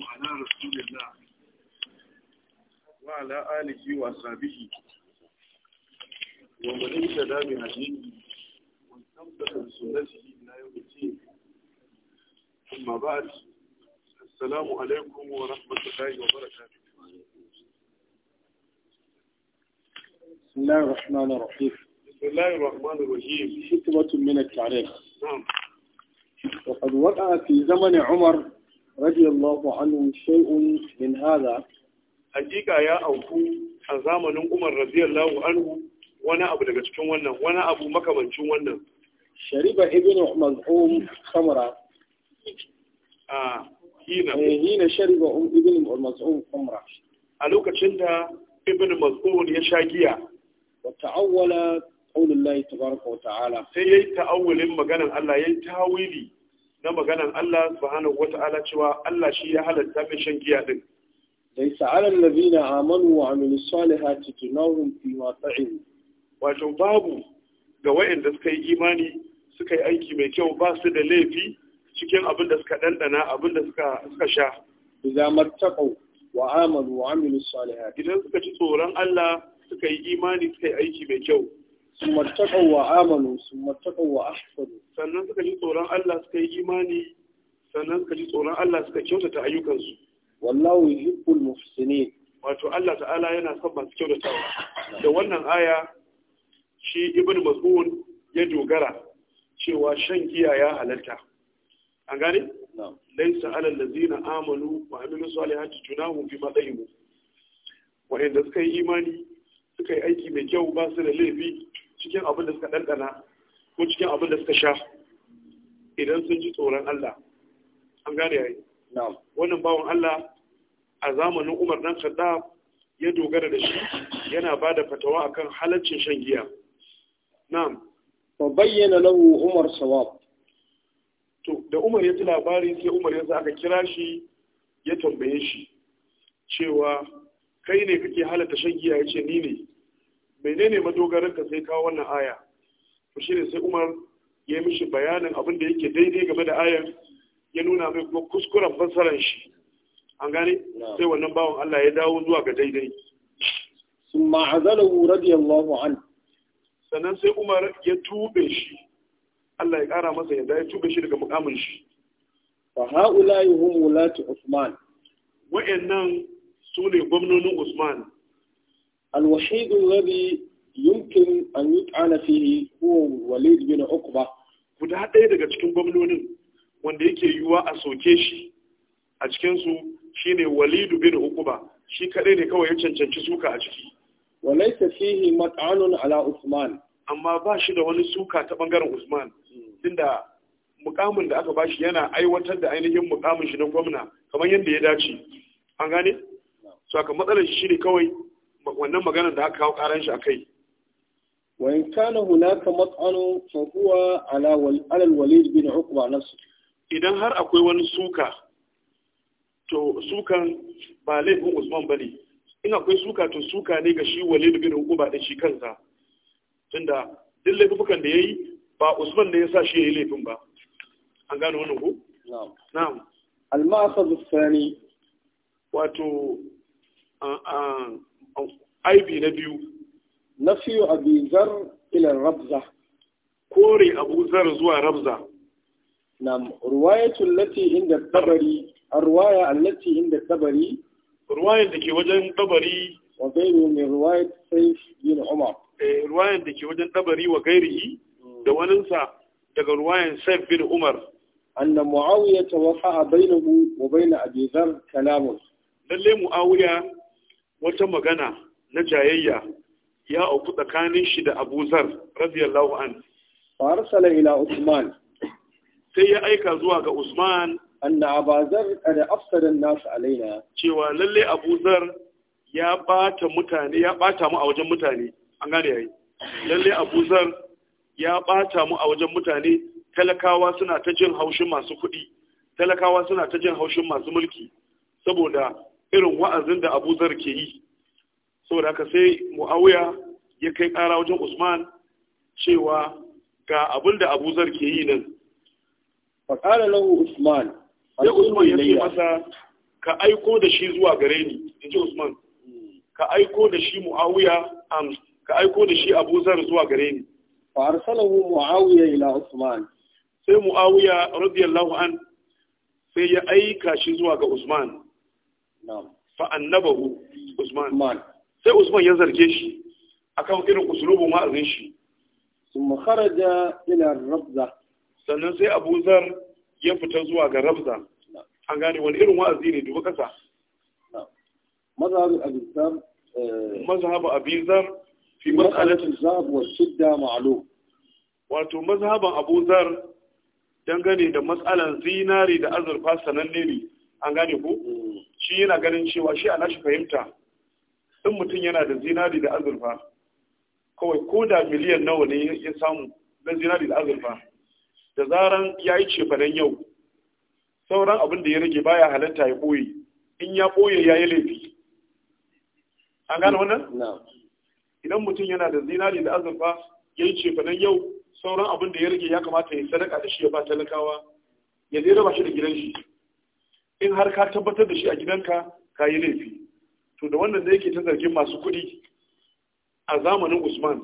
وعلى رسول الله وعلى آله وأصحابه ومن اهتدى بهديه واستمسك بسنته إلى يوم الدين أما بعد السلام عليكم ورحمة الله وبركاته بسم الله الرحمن الرحيم بسم الله الرحمن الرحيم حكمة من التاريخ نعم وقد وقع في زمن عمر radiyallahu anhu shay'un min hadha hakika ya auku a zamanin Umar radiyallahu anhu wani abu daga cikin wannan wani abu makamancin wannan shariba Ibn maz'um khamra a hina eh, hina shariba um, ibnu maz'um khamra a lokacin da Ibn maz'um ya sha giya wa ta'awwala qaulullahi tabaraka wa ta'ala sai yayi ta'awulin maganan Allah yayi tawili na maganan Allah subhanahu wata'ala cewa Allah shi ya halatta mai shan giya din laysa 'ala allazina amanu wa Aminu salihati junahum fi ma ta'im wato babu ga wa'inda suka yi imani suka yi aiki mai kyau ba su da laifi cikin abin da suka dandana abin da suka suka sha idza mattaqu wa amanu wa Aminu salihati idan suka ci tsoron Allah suka yi imani suka yi aiki mai kyau ثم اتقوا وآمنوا ثم اتقوا وأحسنوا sannan suka ji tsoron Allah suka yi imani sannan suka ji tsoron Allah suka kyautata ayyukansu wallahu yuhibbul muhsinin wato Allah ta'ala yana son masu kyautatawa da wannan aya shi ibn mas'ud ya dogara cewa shan giya ya halalta an gane laysa alal ladzina amanu wa amilu salihati tunahu fi madayhim wa'inda suka yi imani suka yi aiki mai kyau ba su da laifi cikin abin da suka ɗanɗana ko cikin abin da suka sha idan sun ji tsoron Allah an gane yayi wannan bawan Allah a zamanin Umar dan Khattab ya dogara da shi yana ba da fatawa akan halaccin shan giya na'am fa bayyana lahu Umar sawab to da Umar ya ji labari sai Umar ya aka kira shi ya tambaye shi cewa kai ne kake halatta shan giya yace ni ne menene madogaran ka sai kawo wannan aya to shine sai Umar ya mishi bayanin abin da yake daidai game da ayar ya nuna mai kuma kuskuren fassarar shi an gane sai wannan bawan Allah ya dawo zuwa ga daidai summa azalahu radiyallahu anhu sannan sai Umar ya tube shi Allah ya kara masa yadda ya tube shi daga mukamin shi fa haula hum ulati Usman wa'annan sune gwamnonin Usman الوحيد الذي يمكن أن يطعن فيه هو وليد بن عقبة guda ɗaya daga cikin gwamnonin wanda yake yiwuwa a soke shi a cikinsu shine walidu bin uquba shi kaɗai ne kawai ya cancanci suka a ciki walaysa fihi mat'anun ala usman amma ba shi da wani suka ta bangaren usman tunda mukamin da aka ba shi yana aiwatar da ainihin mukamin shi na gwamna kamar yadda ya dace an gane saka matsalar shi ne kawai wannan maganar da aka kawo karan shi akai wa in kana hunaka mat'anu fa huwa ala wal al walid bin uqba nafsu idan har akwai wani suka to sukan ba laifin Usman bane in akwai suka to suka ne ga shi walid bin uqba da shi kansa tunda duk laifukan da yayi ba Usman ne ya sa shi yayi laifin ba an gano wannan ko na'am na'am al-ma'khadh ath-thani wato aibi na biyu nafiyu abi zar ila rabza kore abu zar zuwa rabza na ruwayatu lati inda tabari arwaya allati inda tabari ruwayan da ke wajen tabari wa gairi min ruwayat sayf bin umar eh ruwayan da ke wajen tabari wa gairi hmm. da waninsa daga ruwayan sayf bin umar anna muawiya a bainahu wa bain abi zar kalamun lalle muawiya wata magana na jayayya ya auku tsakanin shi da Abu Zar radiyallahu an farsala ila Usman sai ya aika zuwa ga Usman anna Abu Zar kada afsada nas alaina cewa lalle Abu Zar ya bata mutane ya bata mu a wajen mutane an gane yayi lalle Abu Zar ya bata mu a wajen mutane talakawa suna ta jin haushin masu kuɗi talakawa suna ta jin haushin masu mulki saboda irin wa'azin da Abu Zar ke yi saboda haka sai mu'awuya ya kai ƙara wajen Usman cewa ga abin da Abu Zar ke yi nan fa lahu Usman ya Usman ya ce masa ka aiko da shi zuwa gare ni ji Usman ka aiko da shi mu'awuya am ka aiko da shi Abu Zar zuwa gare ni sai mu'awuya radiyallahu an sai ya aika shi zuwa ga Usman fa annabahu usman sai usman ya zarge shi akan irin usulubin wa'azin shi ثم خرج إلى الربزة sannan sai Abu Zar ya fita zuwa ga Rabza an gane wani irin wa'azi ne duba ƙasa. mazhabu Abu eh, Zar fi mas'alatin zahab wa shidda ma'lum wato mazhaban Abu Zar dangane da matsalan zinari da azurfa sananne ne an gane ko shi yana ganin cewa shi ana shi fahimta in mutum yana da zinari da azurfa kawai ko da miliyan nawa ne ya samu na zinari da azurfa da zaran ya yi cefanen yau sauran abin da ya rage baya halatta ya ɓoye in ya ɓoye ya yi laifi an gane wannan idan mutum yana da zinari da azurfa ya yi cefanen yau sauran abin da ya rage ya kamata ya sadaka da shi ya ba talakawa ya zai raba shi da gidan shi in har ka tabbatar da shi a gidanka ka yi laifi to da wannan da yake ta zargin masu kuɗi a zamanin usman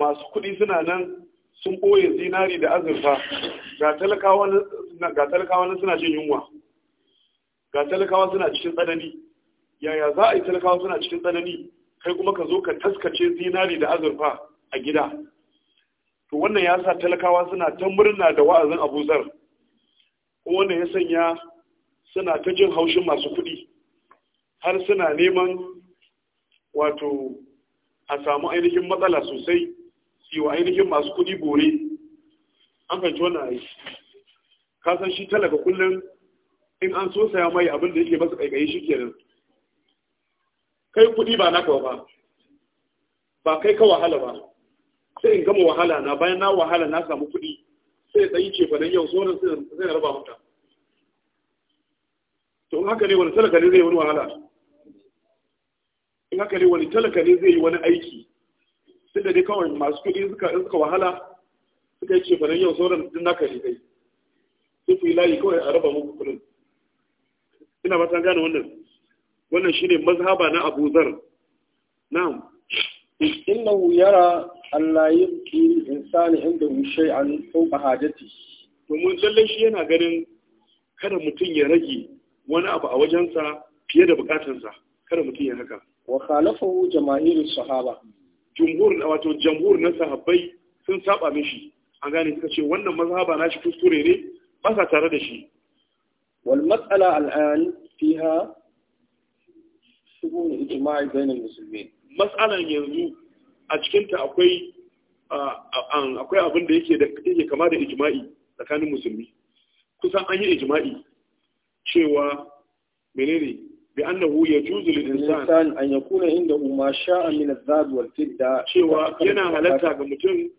masu kuɗi suna nan sun ɓoye zinari da azurfa ga talakawa nan suna jin yunwa ga talakawa suna cikin tsanani yaya za a yi talakawa suna cikin tsanani kai kuma ka zo ka taskace zinari da azurfa a gida to wannan ya sa talakawa suna ta murna da wa'azin abuzar Ko wannan ya sanya suna ta jin haushin masu kuɗi har suna neman wato a samu ainihin matsala sosai su wa ainihin masu kuɗi bore an fahimci wannan aiki ka san shi talaka kullum in an so saya mai abin da yake masa kaikayi shi kenan kai kuɗi ba naka ba ba kai ka wahala ba sai in gama wahala na bayan na wahala na samu kuɗi sai tsayi ce fa yau sauran sai na raba maka to haka ne wani talaka ne zai wani wahala in haka ne wani talaka ne zai yi wani aiki sai da dai kawai masu kuɗi suka in suka wahala suka yi cefanen yau sauran din naka ne dai sai fi layi kawai a raba muku kuɗin ina matan gane wannan wannan shine mazhaba na Abu Zar na'am innahu yara Allah yabki insani inda shay'an fawqa hajati to mun lalle shi yana ganin kada mutum ya rage wani abu a wajensa fiye da bukatarsa kada mutum ya haka wa khalafahu jama'ir sahaba jumhur wato jamhur na sahabbai sun saba mishi an gane suka ce wannan mazhaba shi kuskure ne ba sa tare da shi wal mas'ala al'an fiha shubun ijma'i bainal muslimin mas'alan yanzu a cikin ta akwai akwai abin da yake da yake kama da ijma'i tsakanin musulmi kusan an yi ijma'i cewa menene bi annahu yajuzu lil insan an yakuna inda ma sha'a min adh-dhahab wal fidda cewa yana halatta ga mutum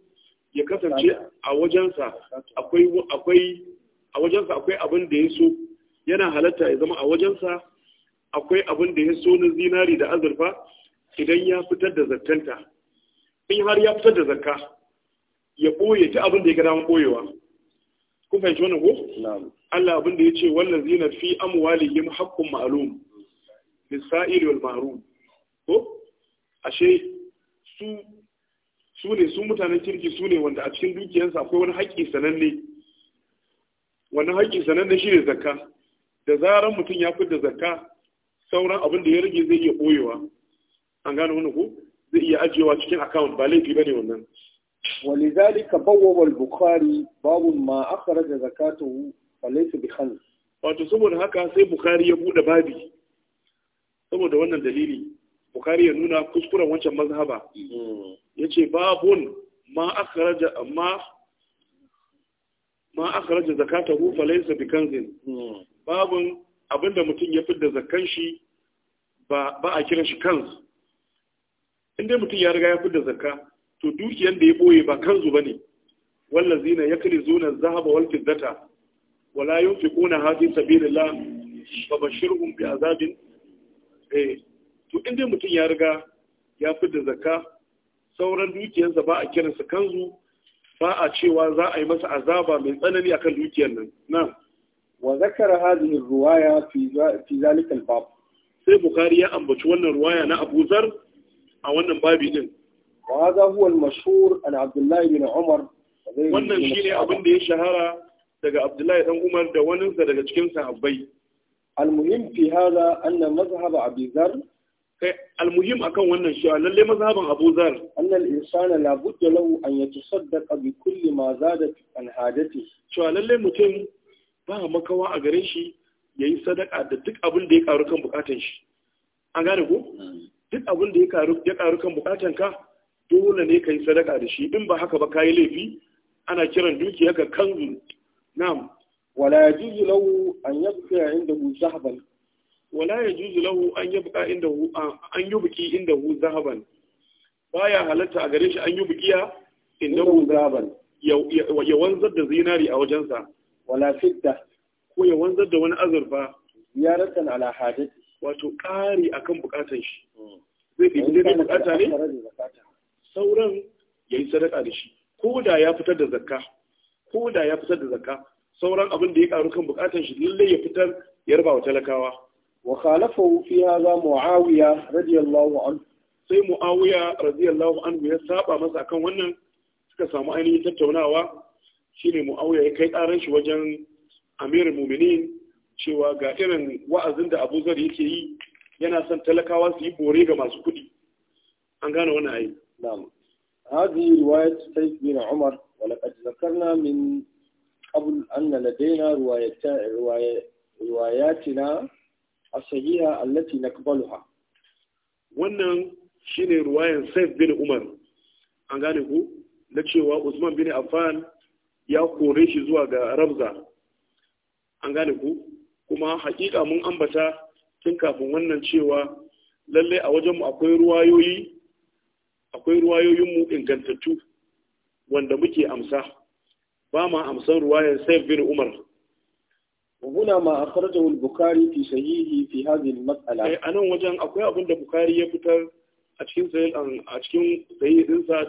ya kasance a wajensa akwai akwai a wajensa akwai abin da ya so yana halatta ya zama a wajensa akwai abin da ya so na zinari da azurfa idan ya fitar da zakkanta in har ya fitar da zakka ya ɓoye ta abin da ya ga daman ɓoyewa kun fahimci wannan ko Allah abin da wannan zina fi amwalihim haqqun ma'lum ma'alum, sail wal mahrum ko ashe su su ne su mutanen kirki su ne wanda a cikin dukiyansa akwai wani haƙƙi sananne wannan haƙƙi sananne shi ne zakka da zaran mutum ya fita zakka sauran abin da ya rage zai iya ɓoyewa an gane wani ko zai iya ajiyewa cikin akawun ba laifi ba ne wannan ولذلك بوب البخاري باب ما أخرج زكاته فليس بخمس wato saboda haka sai bukari ya bude babi saboda wannan dalili bukari ya nuna kuskuren wancan mazhaba ya ce ما ma akharaja amma ma akharaja zakatahu falaysa abinda mutum ya fidda shi ba a kiran shi kansu. inda mutum ya riga ya fidda zakka to dukiyar da ya boye ba kanzu bane wallazina yaklizuna adh-dhahaba wal fiddata wala yunfiquna hadhi sabilillah fabashirhum bi azabin eh to inda mutum ya riga ya fita zakka sauran dukiyarsa ba a kiransa kanzu ba a cewa za a yi masa azaba mai tsanani akan dukiyar nan na wa zakara hadhihi ruwaya fi fi zalika al-bab sai bukhari ya ambaci wannan ruwaya na Abuzar a wannan babi din وهذا هو المشهور عن عبد الله بن عمر wannan shi ne abin da ya shahara daga Abdullahi Ɗan Umar da wani daga cikin sahabbai almuhim fi hada anna mazhab Abi Zar kai almuhim akan wannan shi lalle mazhaban Abu Zar annal insana la budda lahu an yatasaddaqa bi kulli ma zada an hadati to lalle mutum ba makawa a gare shi yayi sadaka da duk abin da ya karu kan bukatun shi an gane ko hmm. duk abin da ya karu ya karu kan bukatun ka dole ne ka yi sadaka da shi in ba haka ba ka yi laifi ana kiran dukiya ka kanzu na'am wala yajuzu lahu an yabqa hu zahaban wala yajuzu lahu an yabqa hu an yubqi hu zahaban baya halatta a gare shi an yubqiya hu zahaban ya wanzar da zinari a wajensa wala fidda ko ya wanzar da wani azurfa ziyaratan ala hadith wato ƙari akan bukatan shi hmm. zai ɗibi zai bukata ne sauran ya yi sadaka da shi ko da ya fitar da zakka ko da ya fitar da zakka sauran abin da ya karu kan bukatar shi lallai ya fitar ya raba wa talakawa wa khalafa fi معاوية muawiya radiyallahu sai mu'awiya radiyallahu anhu ya saba masa kan wannan suka samu ainihin tattaunawa shine mu'awiya ya kai karan shi wajen amirul mu'minin cewa ga irin wa'azin da Abu Zar yake yi yana son talakawa su yi bore ga masu kuɗi an gane wannan ayi نعم هذه رواية سيف بن عمر ولقد ذكرنا من قبل أن لدينا رواياتنا الصحيحة التي نقبلها wannan shine ruwayan Saif bin Umar an gane ku na cewa Usman bin Affan ya kore shi zuwa ga Rabza an gane ku kuma hakika mun ambata tun kafin wannan cewa lalle a wajenmu akwai ruwayoyi akwai ruwayoyin ingantattu wanda muke amsa Bama ma amsan ruwayar sayyid bin umar wa guna ma akhraja al bukhari fi sahihi fi hadhihi al mas'ala ai eh, anan wajen akwai abin da bukari ya fitar a cikin sayyid an um, a cikin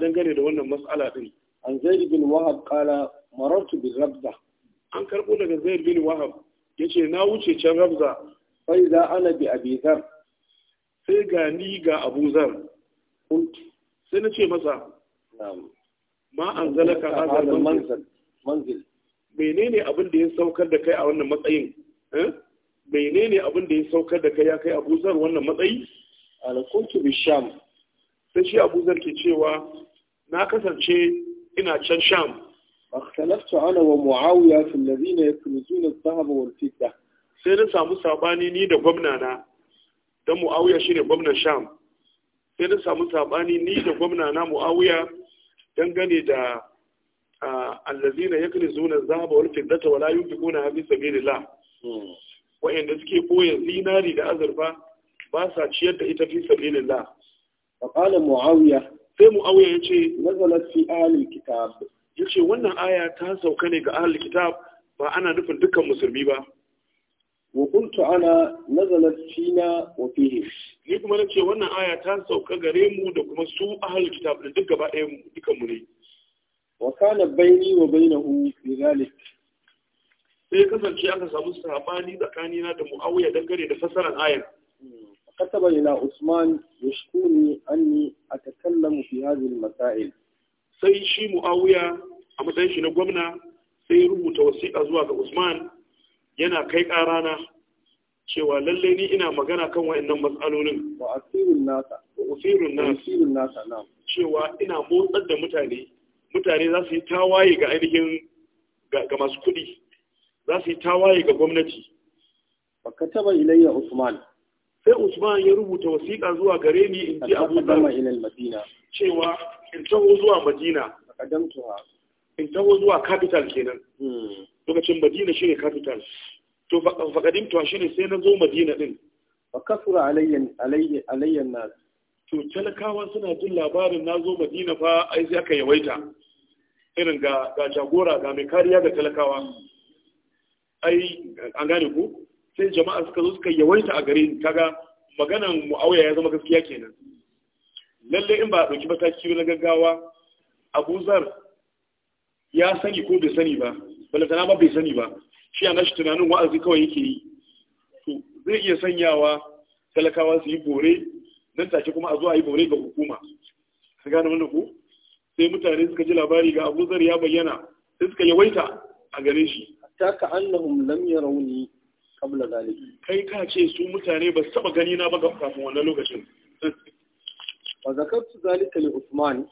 dangane da wannan mas'ala din an zaid bin wahab qala marartu bi rabza an karɓo daga zaid bin wahab yace na wuce can rabza sai da ana bi abizar sai ga ni ga abuzar sai na ce masa ma an zana zalaka hazar manzil menene abin da ya saukar da kai a wannan matsayin eh? menene abin da ya saukar da kai ya kai abuzar wannan matsayi alakuntu sham sai shi abuzar ke cewa na kasance ina can sham اختلفت انا ومعاويه في الذين يكنزون الذهب والفضه sai na samu sabani ni da gwamna na dan muawiya shine gwamnan sham sai na samu sabani ni da gwamna na muawiya dangane da allazina yaknizuna zahaba wani fiddata wala sabi da la hmm. wa'anda suke koya zinari da azurfa ba sa ciyar da ita fi da fa qala muawiya sai muawiya yace nazalat fi ahalin kitab ce wannan aya ta sauka ne ga ahalin kitab ba ana nufin dukkan musulmi ba wa kuntu ana nazalat fina wa fihi ni kuma nace wannan aya ta sauka gare mu da kuma su ahlul kitab da duk gaba mu mu ne wa kana baini wa bainahu fi zalik sai kasance aka samu sabani tsakani na da muawiya gare da fasaran ayar كتب hmm. usman عثمان يشكوني أني a في هذه Masa'il. sai shi mu'awiya a matsayin shi na gwamna sai rubuta wasiƙa zuwa ga Usman yana kai ƙarana cewa lallai ni ina magana kan wa'annan matsalolin wa asirin nasa wa asirin nasa nasa cewa ina motsar da mutane mutane za su yi tawaye ga ainihin ga masu kuɗi za su yi tawaye ga gwamnati Ba ka taba ilayya usman sai usman ya rubuta wasiƙa zuwa gare ni in ji abu da madina cewa in taho zuwa madina in taho zuwa capital kenan hmm. lokacin madina shine capital to faqadim to shine sai na zo madina din wa kasura alayyan alayyan alayyan nas to talakawa suna jin labarin na zo madina fa ai sai aka yawaita irin ga ga jagora ga mai kariya ga talakawa ai an gane ku sai jama'a suka zo suka yawaita a gare ni kaga maganan mu'awiya ya zama gaskiya kenan lalle in ba a ɗauki mataki na gaggawa abuzar ya sani ko bai sani ba balantana ma bai sani ba shi a nashi tunanin wa'azi kawai yake yi to zai iya sanyawa talakawa su yi bore nan take kuma a zuwa yi bore ga hukuma su gane wannan ku? sai mutane suka ji labari ga abu ya bayyana sai suka yawaita a gare shi ta ka annahum lam yarawni qabla dalik kai ka ce su mutane ba su taba gani na ba kafin wannan lokacin wa zakartu zalika li usman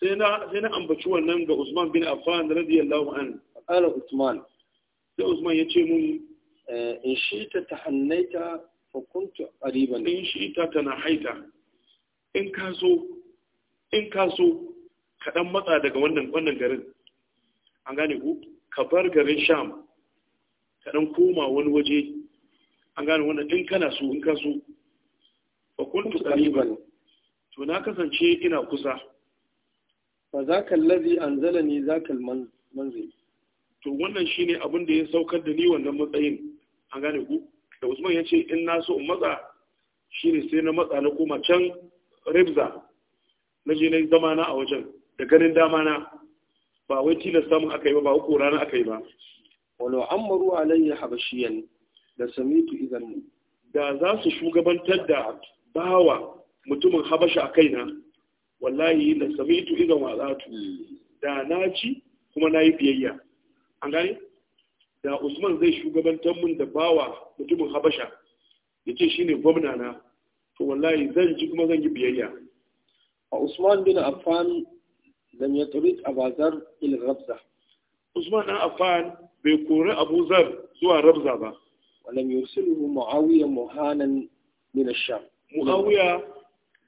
sai na sai na ambaci wannan ga usman bin affan radiyallahu anhu qala usman sai usman ya ce mun eh, in shi ta tahannaita fa kuntu qariban in shi ta tanahaita in ka so in ka so kaɗan matsa daga wannan wannan garin an gane ku ka bar garin sham kaɗan koma wani waje an gane wannan in kana so in ka so fa kuntu qariban to na kasance ina kusa Ba za ka an zala ne za ka almanzil to wannan shine abin da ya saukar da ni wannan matsayin an gane ku da usman ya ce in na so in matsa shine sai na matsa na koma can ribza na je na zama na a wajen da ganin dama na ba wai tilasta samun aka yi ba ba hukura rana aka yi ba wala amaru alayya habashiyan da samitu idan da za su shugabantar da bawa mutumin habasha a kaina wallahi da samitu idan wazatu hmm. da na ci kuma na yi biyayya an gane da usman zai shugabantar mun da bawa mutumin habasha ya ce ne gwamna na to wallahi zan ji kuma zan yi biyayya a usman bin affan lam yatrid abazar il rabza usman dan affan bai kori abu zar zuwa rabza ba walam yursiluhu muawiya muhanan min ash-sham muawiya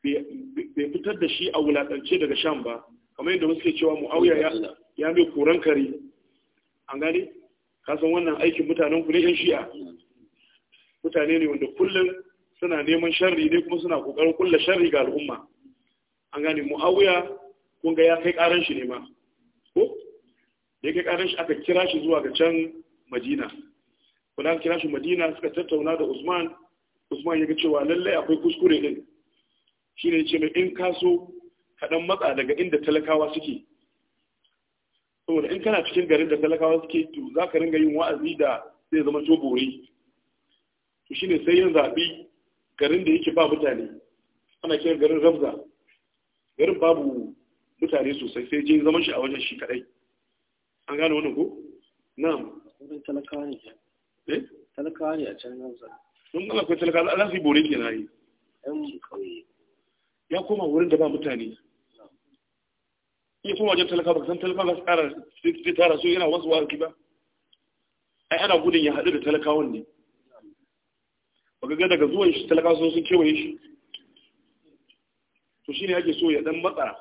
bai fitar da shi a wulatance daga sham ba kamar yadda muke cewa muawiya ya mai koran kare an gani kasan wannan aikin mutanen ku ne yan shi'a mutane ne wanda kullum suna neman sharri ne kuma suna kokarin kulla sharri ga al'umma an gani muawiya kun ga ya kai karan shi ne ma ko da kai karan shi aka kira shi zuwa ga can madina kuma aka kira shi madina suka tattauna da usman usman ya ga cewa lallai akwai kuskure din shi ne ce mai in kaso kaɗan matsa daga inda talakawa suke saboda in kana cikin garin da talakawa suke to za ka ringa yin wa'azi da zai zama to bore to shine sai yin zaɓi garin da yake ba mutane ana kiran garin rabza garin babu mutane sosai sai je zaman shi a wajen shi kadai an gane wannan ko na'am wurin talakawa ne eh talakawa ne a can rabza don Allah ko talakawa Allah zai bore kenan yi ya koma wurin da ba mutane ni kuma wajen talaka baka san talaka ba su kara zai tara su yana wasu wasu ba ai ana gudun ya haɗu da talakawan ne baka ga daga zuwan shi talaka sun sun kewaye shi to shi ne ake so ya ɗan matsa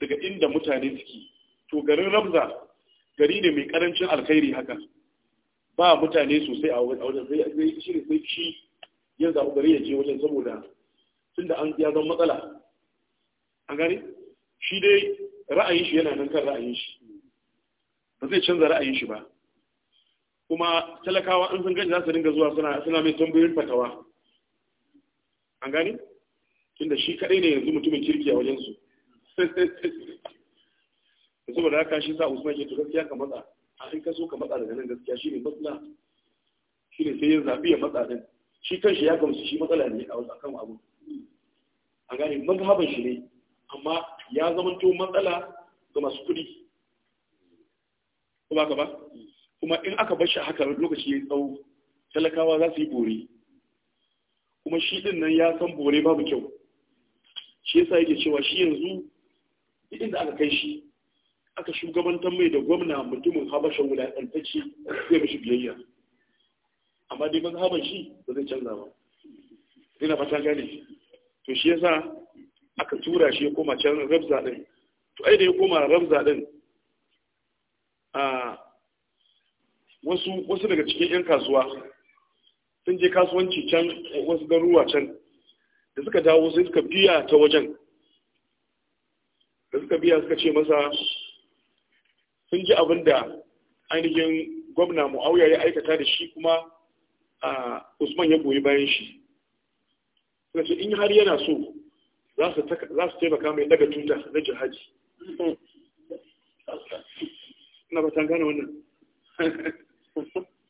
daga inda mutane suke to garin rabza gari ne mai ƙarancin alkhairi haka ba mutane sosai a wajen sai shi sai shi ya zaɓi gari ya je wajen saboda tunda an ya zama matsala A gani shi dai ra'ayin shi yana nan kan ra'ayin shi ba zai canza ra'ayin shi ba kuma talakawa an sun gani za su dinga zuwa suna suna mai tambayoyin fatawa an gani tunda shi kadai ne yanzu mutumin kirki a wajen su saboda haka shi sa Usman ke to gaskiya ka matsa a sai ka so ka matsa daga nan gaskiya shi ne matsala shi ne sai ya zabi ya matsa din shi kanshi ya gamsu shi matsala ne a wasu akan abu an gane mazhaban shi ne amma ya zamanto matsala ga masu kuɗi ba ka ba kuma in aka bar shi haka lokaci ya tsawo talakawa za su yi bore kuma shi din nan ya san bore babu kyau shi yasa yake cewa shi yanzu duk inda aka kai shi aka shugabantar mai da gwamna mutumin habasha wulaƙantacce zai bashi biyayya amma dai mazhaban shi ba zai canza ba zai na fata gane to shi yasa aka tura shi ya koma can rabza din to ai da ya koma rabza din a wasu wasu daga cikin yan kasuwa sun je kasuwanci can wasu garuwa can da suka dawo sai suka biya ta wajen da suka biya suka ce masa sun ji abin da ainihin gwamna mu'auya ya aikata da shi kuma a usman ya goyi bayan shi suka ce in har yana so za su taimaka mai daga tuta na jihadi ina ba tangana wannan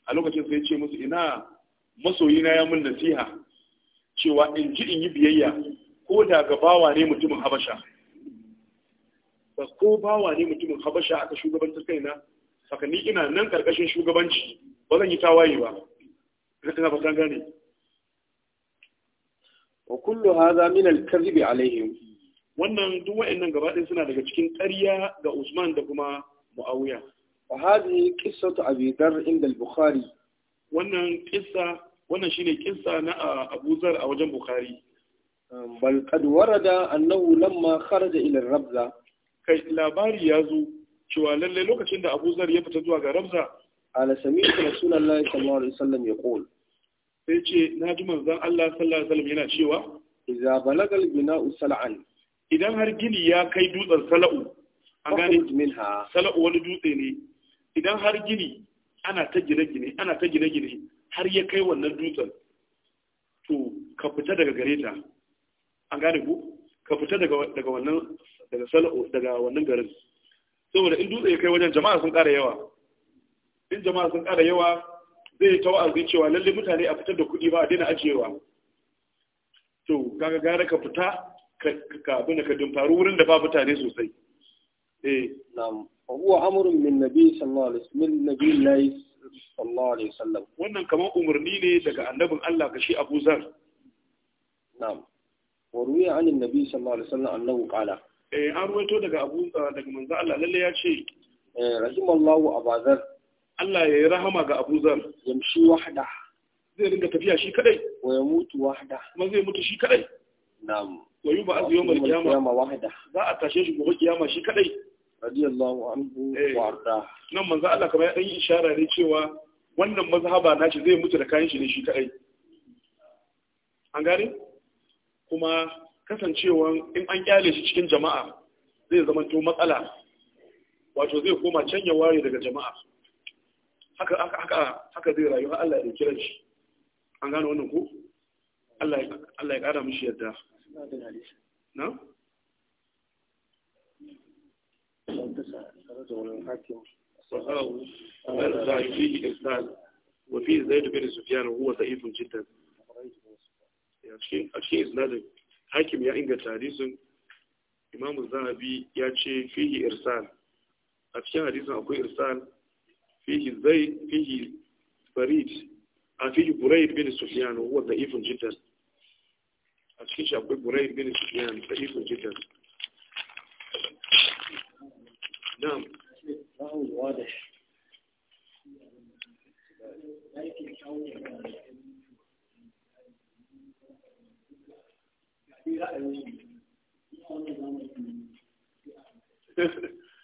a lokacin sai ce musu ina masoyina ya mun nasiha cewa in ji in yi biyayya ko da ga bawa ne mutumin habasha ba ko bawa ne mutumin habasha aka kai na saka ni ina nan karkashin shugabanci ba zan yi tawaye ba ina ba gane wa kullu hadha min al-kadhib alayhim wannan duk wayannan gaba ɗaya suna daga cikin ƙarya ga Usman da kuma Muawiya wa hadhihi qissatu Abi Dharr inda al-Bukhari wannan qissa wannan shine qissa na Abu Dharr a wajen Bukhari um, bal qad warada annahu lamma kharaja ila al-Rabza kai labari ya zo cewa lalle lokacin da Abu Dharr ya fita zuwa ga Rabza ala sami Rasulullahi sallallahu alaihi wasallam yaqul sai ce na ji manzon Allah sallallahu alaihi wasallam yana cewa idza balagal bina'u sal'an idan har gini ya kai dutsen sala'u an gane minha sala'u wani dutse ne idan har gini ana ta gine-gine ana ta gine-gine har ya kai wannan dutsen to ka fita daga gare ta an gane ku ka fita daga daga wannan daga sala'u daga wannan garin saboda in dutse ya kai wajen jama'a sun ƙara yawa in jama'a sun ƙara yawa zai ta wa'azi cewa lalle mutane a fitar da kuɗi ba a daina ajiyewa to kaga gara ka fita ka abin da ka dumfaru wurin da ba mutane sosai eh. na'am min nabi sallallahu alaihi min nabi sallallahu alaihi wannan kamar umarni ne daga annabin Allah ga shi Abu Zar na'am wa ruwiya an annabi sallallahu alaihi wasallam annahu qala eh an ruwaito daga Abu daga manzo Allah lalle ya ce eh, rahimallahu abazar Zar Allah ya yi rahama ga Abu Zar yamshi wahda zai ringa tafiya shi kadai wa ya mutu wahda kuma zai mutu shi kadai na'am wa yuba az yawm al wahda za a tashe shi gobe kiyama shi kadai radiyallahu anhu wa eh. arda nan manzo Allah kamar ya yi ishara ne cewa wannan mazhaba shi zai mutu da kayan shi ne shi kadai an gane kuma kasancewa in an kyale shi cikin jama'a zai to matsala wato zai koma can ya ware daga jama'a haka zai rayu har Allah ya kira shi an gano wannan ku? Allah ya ƙara mishi yadda na? zai tafi sufiya a cikin isnadin hakim ya inganta hadisun imamu zahabi ya ce fihi irsal a cikin hadisun akwai irsal فيه زي فيه فريد آه، فيه بريد بن سفيان وهو ضعيف جدا أشكيش أقول بريد بن سفيان ضعيف جدا نعم واضح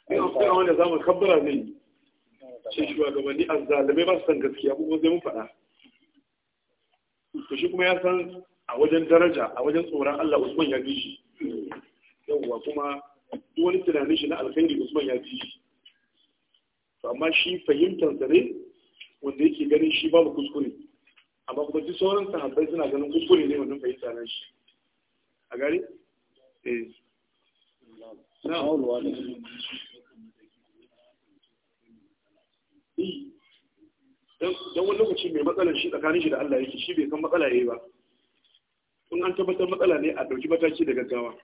في أمثلة وانا زمان خبرها مني shi shugabanni a zalimai ba su san gaskiya kuma zai mun faɗa to shi kuma ya san a wajen daraja a wajen tsoron Allah Usman ya ji shi yawwa kuma duk wani tunanin shi na alkhairi Usman ya ji shi to amma shi fahimtarsa ne wanda yake ganin shi babu kuskure amma kuma duk sauran sahabbai suna ganin kuskure ne wannan fahimta na shi a gari eh na'am don wani lokaci mai matsalar shi tsakanin shi da Allah yake shi bai san matsala yayi ba in an tabbatar matsala ne a dauki mataki da gaggawa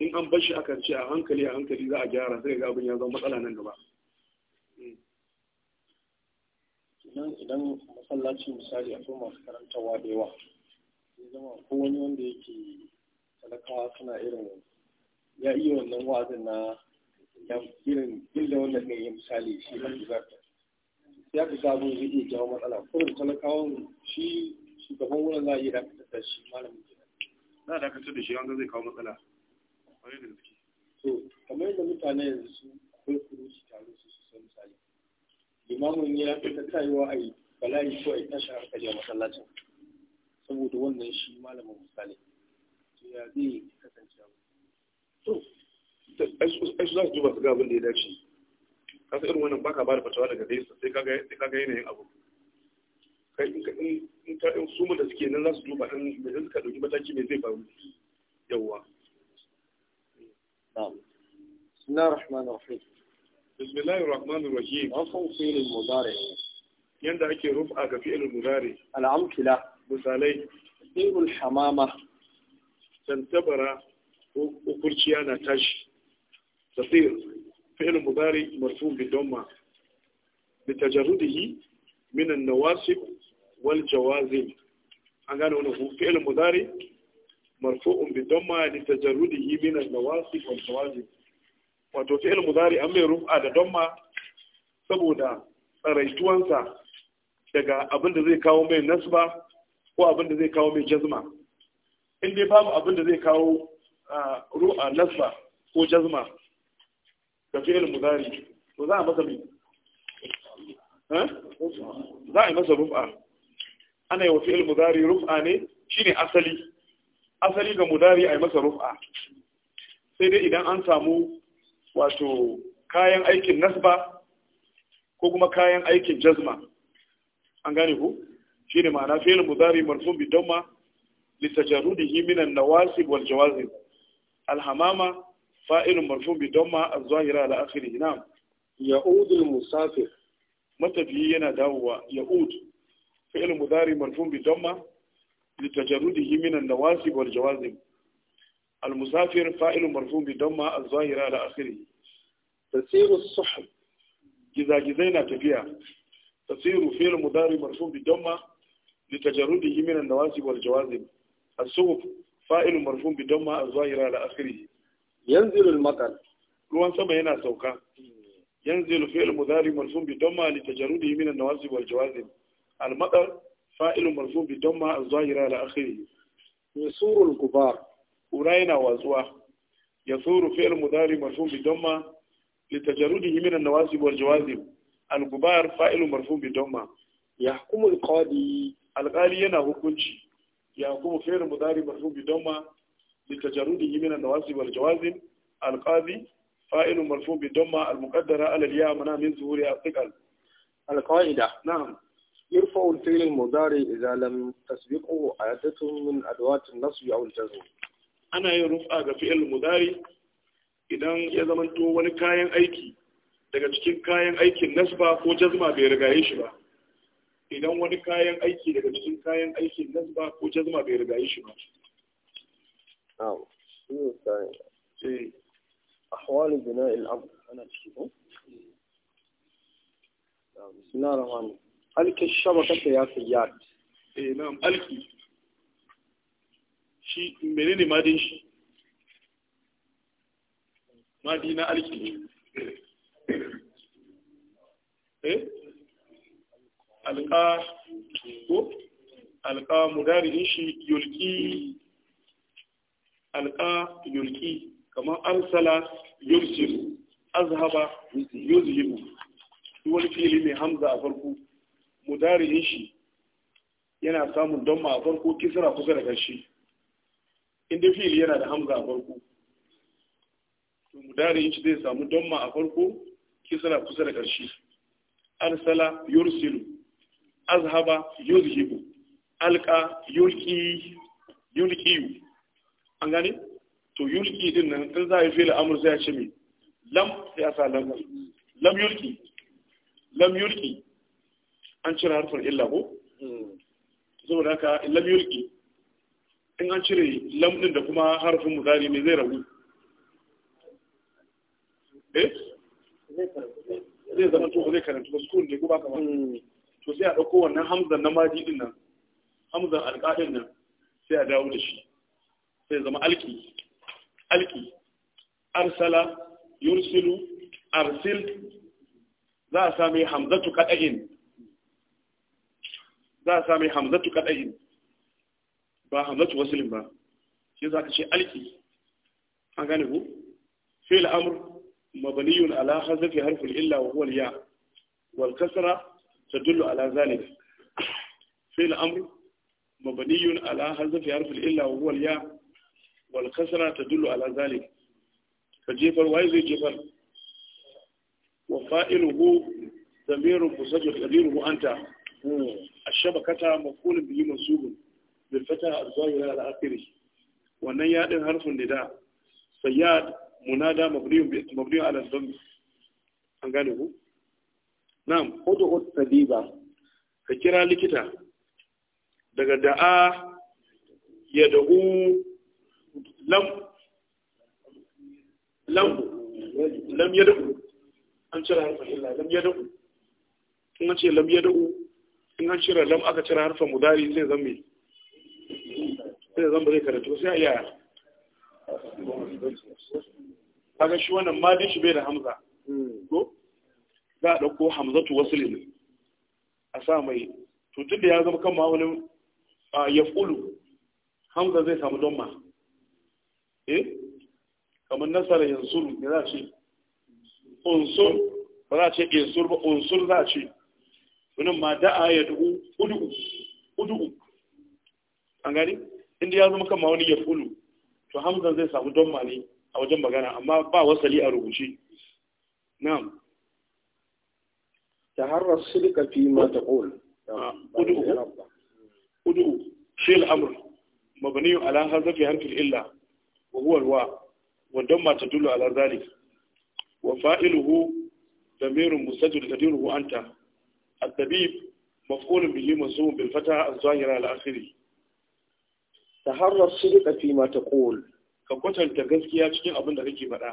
in an bar shi akan ce a hankali a hankali za a gyara sai ga abin ya zama matsala nan gaba idan masallaci misali akwai masu karantarwa da yawa ya zama ko wani wanda yake talakawa suna irin ya iya wannan wazin na irin wannan ne misali shi ne zarta ya fi gano zai iya jawo matsala Kuma kurin kawo shi shugaban wurin za a iya dakatar da shi malamin na za dakatar da shi wanda zai kawo matsala kwarai da gaske to kamar yadda mutane yanzu su akwai kuruci tare su su san misali limamin ya ta tayewa a yi bala'i ko a yi tashin hankali a masallacin saboda wannan shi malamin misali to ya zai kasance to ai su za su duba su ga abin da ya dace kasa irin wannan baka ba da fatawa daga nesa sai kaga sai kaga yanayin abu kai in ka in ka in su da suke nan za su duba in da suka dauki mataki me zai faru yawwa na'am bismillahir rahmanir rahim bismillahir rahmanir rahim afan fi'il mudari yanda ake rufa ga fi'il mudari al'amkila misalai fi'il hamama tantabara ko kurciya na tashi tafsir فعل مضارع marfu بالضمه لتجرده من النواصب والجوازم an-nawasib wal jawazim an gane wannan ku fi'il mudari wal wato fi'il mudari an mai rufa da damma saboda tsaraituwansa daga abin da zai kawo mai nasba ko abin da zai kawo mai jazma in dai babu abin da zai kawo ru'a nasba ko jazma da fi'il to za a masa me eh? za a yi masa rufa ana yi wa fi'il muzari, rufa ne shine asali asali ga mudari a yi masa rufa sai dai idan an samu wato kayan aikin nasba ko kuma kayan aikin jazma an gane ku shine ma'ana fi'il mudari marfun bi damma litajarrudihi min an-nawasib wal jawazib fa'ilun marfu bi damma az-zahira ala akhirih na'am ya'ud al-musafir matafiyi yana dawowa ya'ud fi'il mudari marfu bi damma المسافر فاعل مرفوع بضمة الظاهرة على آخره تسير الصحب جزا جزينا تبيع تسير فعل مضارع مرفوع بضمة لتجرده من النواسب والجوازم السوق فاعل مرفوع بضمة الظاهرة على آخره yanzilul maqal ruwan sama yana sauka yanzilu fi'l mudari marfun bi damma li tajarrudihi min an-nawasib wal jawazim al maqal fa'il marfun bi damma az-zahira ila akhirih yasurul gubar ura yana watsuwa yasuru fi'l mudari marfun bi damma li tajarrudihi min an-nawasib wal jawazim al gubar fa'il marfun bi damma yahkumu al qadi al yana hukunci yahkumu fi'l mudari marfun bi damma لتجرده من النواسب والجوازم القاضي فائل مرفوع بالضمة المقدرة على الياء منا من ظهور الثقل القاعدة نعم يرفع الفعل المضارع إذا لم تسبقه عادة من أدوات النصب أو الجزم أنا يرفع فعل المضارع idan ya zamanto wani kayan aiki daga cikin kayan aikin nasba ko jazma bai rigaye shi ba idan wani kayan aiki daga cikin kayan aikin nasba ko jazma bai rigaye shi ba na'am shi ne sai eh ahwal bina al-abd ana بسم الله الرحمن الرحيم الشبكة يا سياد eh na'am alki shi menene madin shi madi na alki eh alqa ko alqa shi alqa yulki kamar arsala yursil azhaba yuzhibu duk wani fili mai hamza a farko mudari'in shi yana samun damma a farko kisra kusa da ƙarshe inda fili yana da hamza a farko mudari'in shi zai samu damma a farko kisra kusa da ƙarshe arsala yursilu azhaba yuzhibu alqa yulki yulkiyu an gane to yulki din nan in za a yi fi'il amur sai ya ce me lam sai ya sa lam lam yulki lam yulki an cire harfin illa ko hmm. saboda haka lam yulki in an cire lam din da kuma harfin mudari me zai rabu eh zai zama to zai karanta sukun ne ko ba kamar hmm. to sai a ɗauko wannan hamzan na maji din nan hamzan alqadin nan sai a dawo da shi sai zama alki alki arsala yursilu arsil za a sami hamzatu kada'in za a sami hamzatu kada'in ba hamzatu wasilin ba shi za ka ce alki an gane ku fi'il amr مبني على حذف حرف الإلا وهو الياء والكسرة تدل على ذلك في الأمر مبني على حذف حرف الإلا وهو الياء wal kasra tadullu ala zalik ka jefar wai zai jefar wa fa'iluhu anta الشبكة مفعول به منصوب بالفتح الظاهرة على آخره وأن حرف النداء فياد منادى مبني مبني على الضم an gane ku na'am ud'u tabiba ka kira likita daga da'a ya da'u lam lam lam yad'u an cire harfin illa lam yad'u in an ce lam yad'u in an cire lam aka cire harfin mudari zai zama zai zan ba zai karatu sai a yi a kaga shi wannan ma shi bai da hamza ko za a ɗauko hamzatu wasilin a sa mai to tun da ya zama kan ma'aunin ya fulu hamza zai samu don ma Eh? kamar nasara yansur ne za ce unsur ba za ce yansur ba unsur za ce wani ma da'a ya dubu udu'u hudu an gani inda ya zama kama wani ya fulu to hamzan zai samu don mali a wajen magana amma ba wasali a rubuce ta taharra silika fi mata taqul ah, udu'u hudu shi al'amur amr mabni ala hazfi harfi illa wa huwa alwa wa damma tadullu ala zalik wa fa'iluhu damirun musajjid tadiruhu anta at-tabib maf'ul bihi mansub bil fatha az-zahira al taharra sidqa fi ma taqul ka kwatanta gaskiya cikin abin da kake faɗa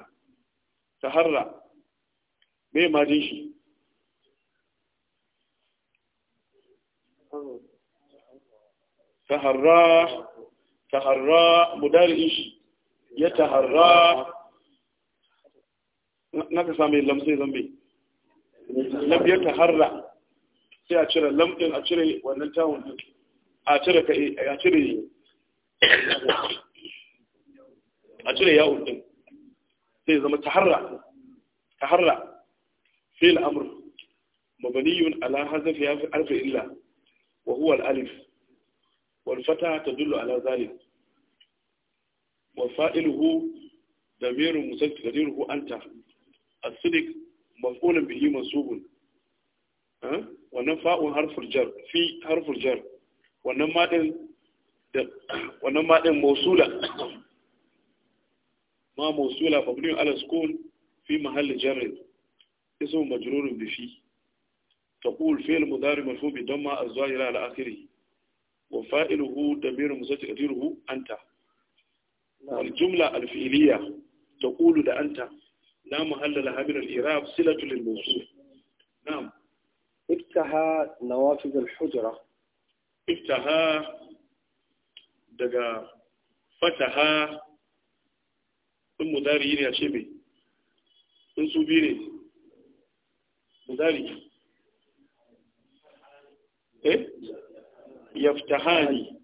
taharra me ma din shi taharra taharra mudari'in shi يتهرى نك سامي لم سي زمبي لم يتهرى سي اشرى لم ان اشرى ونن تاون اشرى كاي اشرى اشرى يا اول سي زم تهرى تهرى في الامر مبني على حذف الف الا وهو الالف والفتح تدل على ذلك wa fa'iluhu damirun musaddiq dadiruhu anta as-sidq maf'ulun bihi mansubun wannan fa'un harful jar fi harful jar wannan ma din da wannan ma din mawsula ma mawsula mabni ala تقول فعل مضارع مرفوع بضمه الظاهره على اخره وفاعله ضمير مستتر قديره انت نعم. والجملة الفعلية تقول ده أنت لا محل لها من الإراب صلة للموصول نعم افتح نوافذ الحجرة افتح دقا فتها ثم داري يا شبي ce مداري in إيه؟ يفتحاني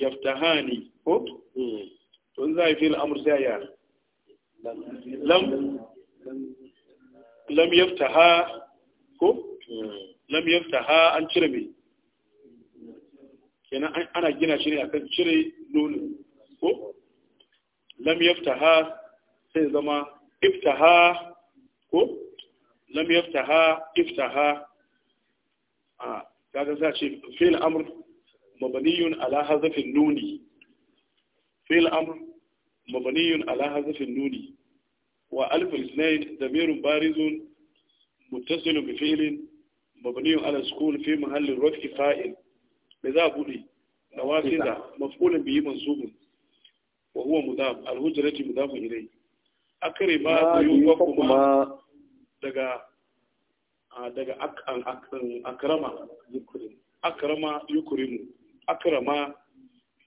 يفتحاني ne to in za a yi fi'il amr sai ya lam lam ha? ko lam yafta ha an cire mai kenan ana gina shi ne akan cire nunin ko lam yafta ha sai zama ifta ha? ko lam yafta ha yaftaha iftaha a kaga za ce fil amr mabniyun ala hazafin nuni في الأمر مبني على hazfin nuni wa alf al-isnaid damirun barizun muttasilun bi fi'lin mabniyun ala sukun fi mahallin raf'i me za a bude nawasida maf'ulun bihi mansubun wa huwa mudaf daga akrama akrama akrama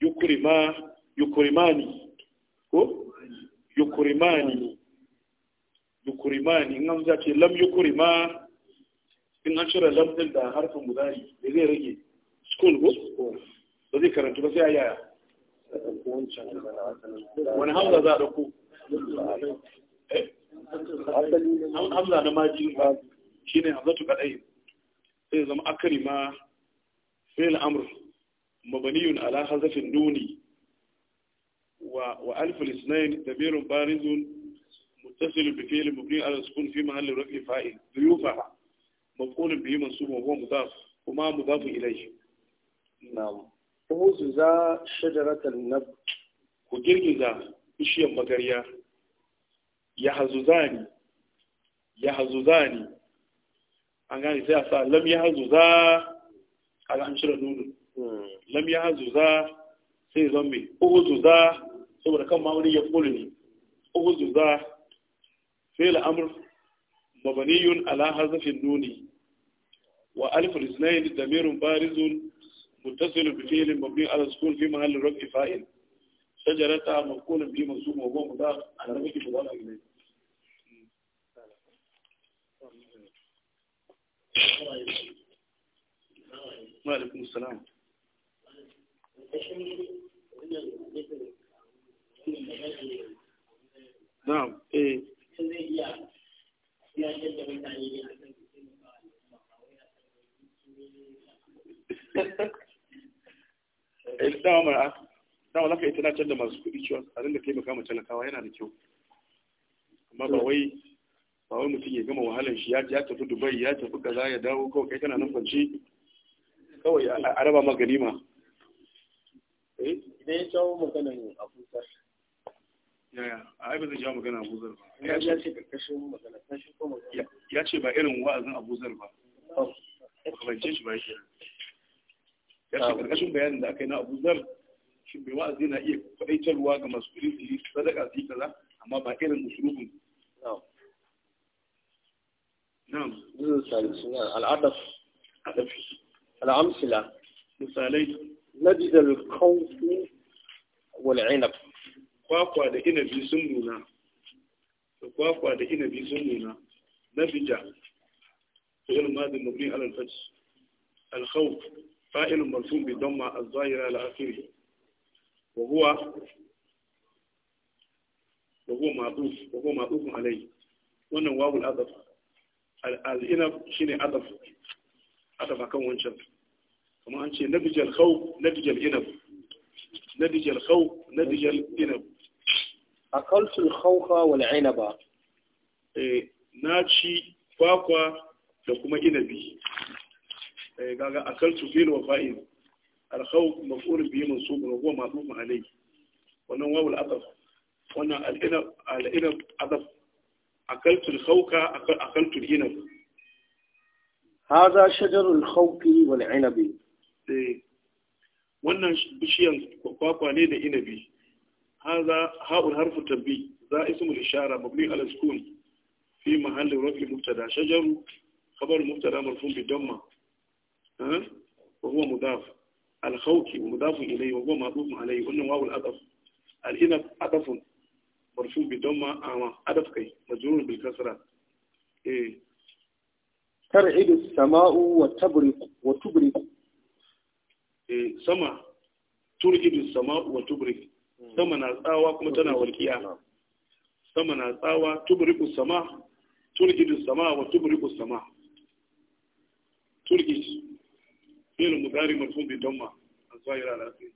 yukrima yukurimani ko yukurimani yukurimani in an zace lam yukurima in an cire lam din da harfin mudari da zai rage school ko ba zai karanta ba sai a yaya wani hamza za a ɗauko eh? hamza na maji shi ne hamza tu kaɗai sai zama akari ma fil amr mabaniyun ala hazafin nuni وألف الاثنين ضمير بارز متصل بفعل مبني على السكون في محل رفع فاعل ضيوفها مفعول به منصوب وهو مضاف وما مضاف إليه نعم فوزا شجرة النب وجرجزا بشيا مغريا يحزوزاني يحزوزاني يا gane sai a sa lam ya hazu لم a ga an shirya nunin سي ya أو za saboda kan ma wani ya kulu ne uhuzu za fi'l amr mabaniyun ala hazafin nuni wa alif al-isnayn damirun barizun متصل بفعل مبني على السكون في محل رفع فاعل شجرتها مفعول به منصوب وهو مضاف على رفع مضاف اليه وعليكم السلام na'am eh, eh dama mara dama yi da masu kuɗi cewa a dinga taimaka ma talakawa yana da kyau amma ba wai ba wai mutum ya gama wahalar shi ya tafi dubai ya tafi kaza ya dawo kawai kai tana nan kwanci kawai a raba ma ganima eh? idan ya yaya a ai ba zai ja magana Abu Zar ba ya ce karkashin magana sai ko magana ya ce ba irin wa'azin Abu Zar ba ban oh. ce shi ba shi ya ce karkashin bayanin da aka yi na Abu Zar shi bai wa'azi na iya faɗaitarwa ga masu kuɗi su yi sadaka su yi kaza amma ba irin usulubin oh. na'am al'adaf adafi al'amsila misalai نجد الخوف والعنب kwakwa da inabi sun nuna da kwakwa da inabi sun nuna na bija fi'il madin mabni alal fajr al khawf fa'il marfun bi damma al zahira al akhir wa huwa wa huwa ma'duf wa huwa ma'duf alayhi wannan wawul adaf al inab shine adaf adaf akan wancan kuma an ce nabijal khawf nabijal inab nabijal khawf nabijal inab akaltul khawfa wal inaba eh na ci kwakwa da kuma inabi gaga akaltu fil wa fa'il al khawf maf'ul bihi mansub wa huwa ma'ruf alayhi wannan wawul ataf wannan al inab al inab akaltu akaltul khawka akaltul inab هذا شجر wal inabi. wannan bishiyan kwakwa ne da inabi هذا هاء حرف التنبيه ذا اسم الإشارة مبني على السكون في محل رفع مبتدا شجر خبر مبتدا مرفوع بالضمة ها وهو مضاف الخوكي ومضاف إليه وهو معطوف عليه قلنا واو الأطف الإنب أطف مرفوع بالضمة أطف كي مجرور بالكسرة إيه ترعد السماء وتبرق وتبرق إيه سما ترعد السماء وتبرق sama na tsawa kuma tana walƙiya sama na tsawa tubriku sama turgidu sama wa tubriku sama turgid fi'il mudari marfu bi damma az-zahira ala akhiri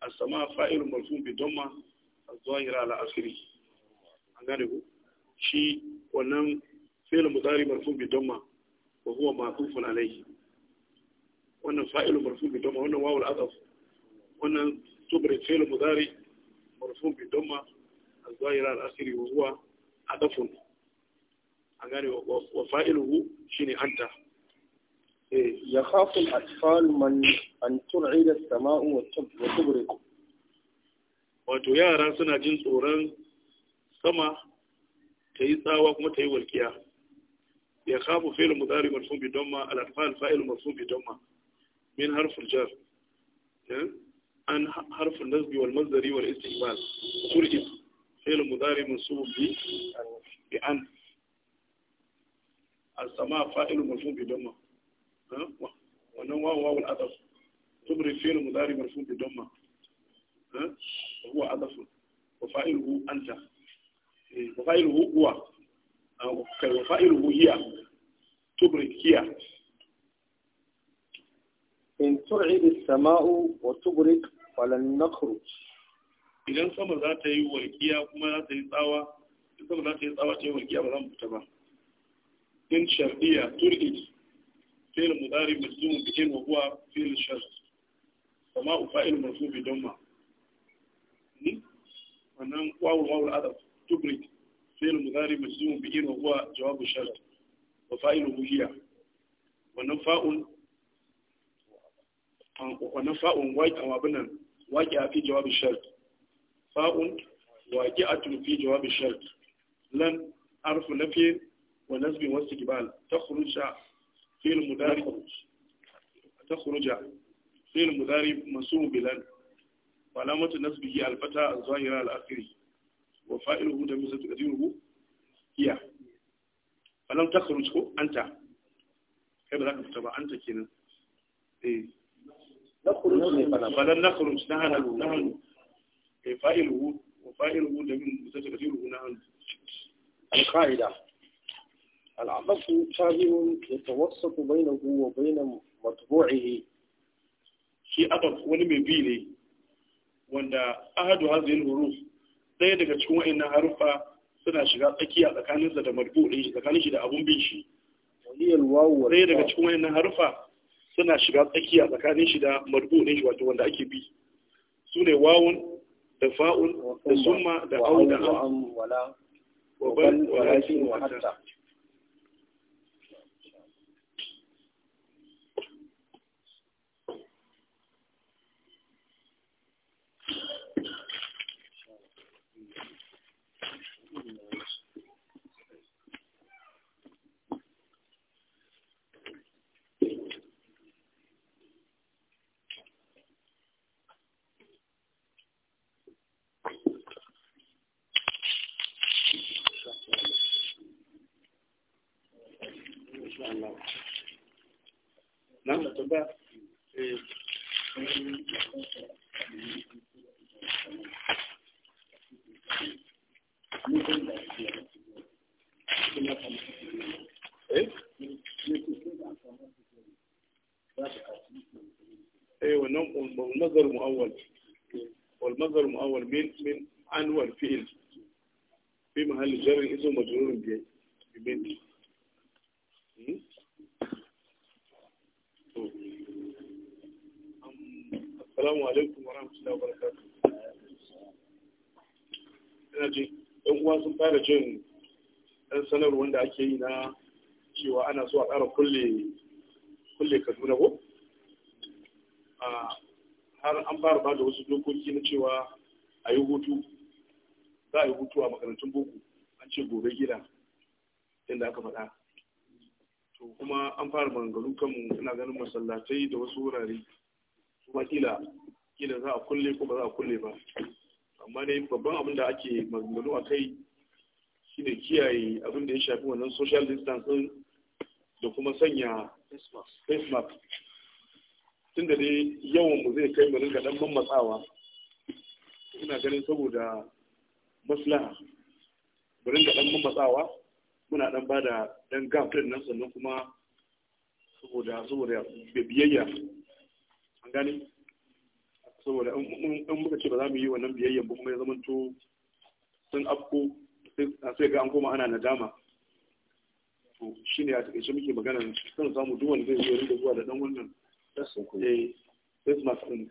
as-sama fa'il marfu bi damma az-zahira ala asiri an gane ku shi wannan fi'il mudari marfu bi damma wa huwa ma'tufun alayhi wannan fa'il marfu bi damma wannan wawul azaf wannan tubrik fi'il mudari marfun bi damma az-zahira al-akhiri wa a gane wa fa'iluhu shine hanta. Eh, ya an wato yara suna jin tsoron sama ta yi tsawa kuma ta yi walkiya ya khafu fi'l mudari marfun al min harfin jar eh? an harfin nasbi wal mazari wal istiqbal fi'l mudari mansub bi bi an as-sama fa'il marfu' bi al-adaf tubri fi'l mudari marfu' bi huwa adaf wa fa'iluhu anta eh, wa fa'iluhu huwa ah, wa fa'iluhu hiya tubri hiya in tur'id as-sama'u wa tughriq falan nakhruj idan sama za ta yi walƙiya kuma za ta yi tsawa sama za ta yi tsawa ta yi ba za mu fita ba in shar'iyya tur'id fi'l mudari majzum bi in wa huwa fi'l shart sama'u fa'il marfu bi damma ni wannan wawul wawul adab tubrik fi'l mudari majzum bi in wa huwa shart wa fa'iluhu hiya wannan fa'ul wannan fa'un waƙi a wabinan waƙi a fi jawabin shart fa'un waƙi a fi jawabin shart lan arfi na fi wa nasbin wasu gibal ta kuruja fil mudari masu mubilan fil mudari nasbi yi alfata a zahira al-akhiri wa fa'iluhu da misatu qadiruhu iya ta kuruja ko anta kai ba za ka fita ba anta kenan eh فلن نخرج نحن نحن فاعله وفاعله لمن متكثره نحن القاعدة العطف شابه يتوسط بينه وبين مطبوعه shi adab wani mai bi ne wanda ahadu hazin huruf ɗaya daga cikin wa'annan harufa suna shiga tsakiya tsakaninsa da marbu tsakanin shi da abun bin shi ɗaya daga cikin harufa suna shiga tsakiya tsakanin shi da marbu shi wato wanda ake bi su ne wawun da fa'un da summa da au wa bal wa lakin wa hatta insha Allah نعم da tambaya eh ايه والمصدر المؤول والمصدر المؤول من من عن والفعل في محل جر اسم مجرور به بمن da ake yi na cewa ana so a ƙara kulle kaduna ko har an fara ba da wasu dokoki na cewa a yi hutu za a yi hutu a makarantun boko an ce gobe gida inda aka faɗa to kuma an fara maganganu kanmu ina ganin masallatai da wasu wurare kuma kila kila za a kulle ko ba za a kulle ba amma ne babban abin da ake maganganu a kai shine kiyaye abin da ya shafi wannan social distancing da kuma sanya face mask tun da dai yawan mu zai kai mu rinka dan mammatsawa ina ganin saboda maslaha burin rinka dan mammatsawa muna dan ba da dan gap nan sannan kuma saboda saboda biyayya an gani saboda in muka ce ba za mu yi wannan biyayyan ba kuma ya zama to sun afko sai ga an koma ana nadama to shi ne a takaice muke magana kan samu duk wanda zai zo rinka zuwa da dan wannan eh face mask din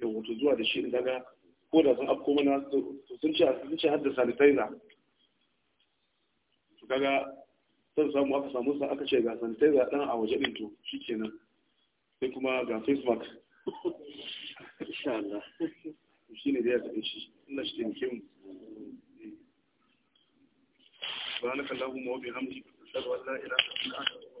ya wato zuwa da shi daga ko da sun afko mana sun ce sun ce hadda sanitizer to kaga sun samu aka samu sun aka ce ga sanitizer dan a waje din to shikenan sai kuma ga face mask insha Allah shi ne da ya tafi shi Allah shi taimake mu subhanakallahumma wa bihamdika ashhadu an la ilaha illa anta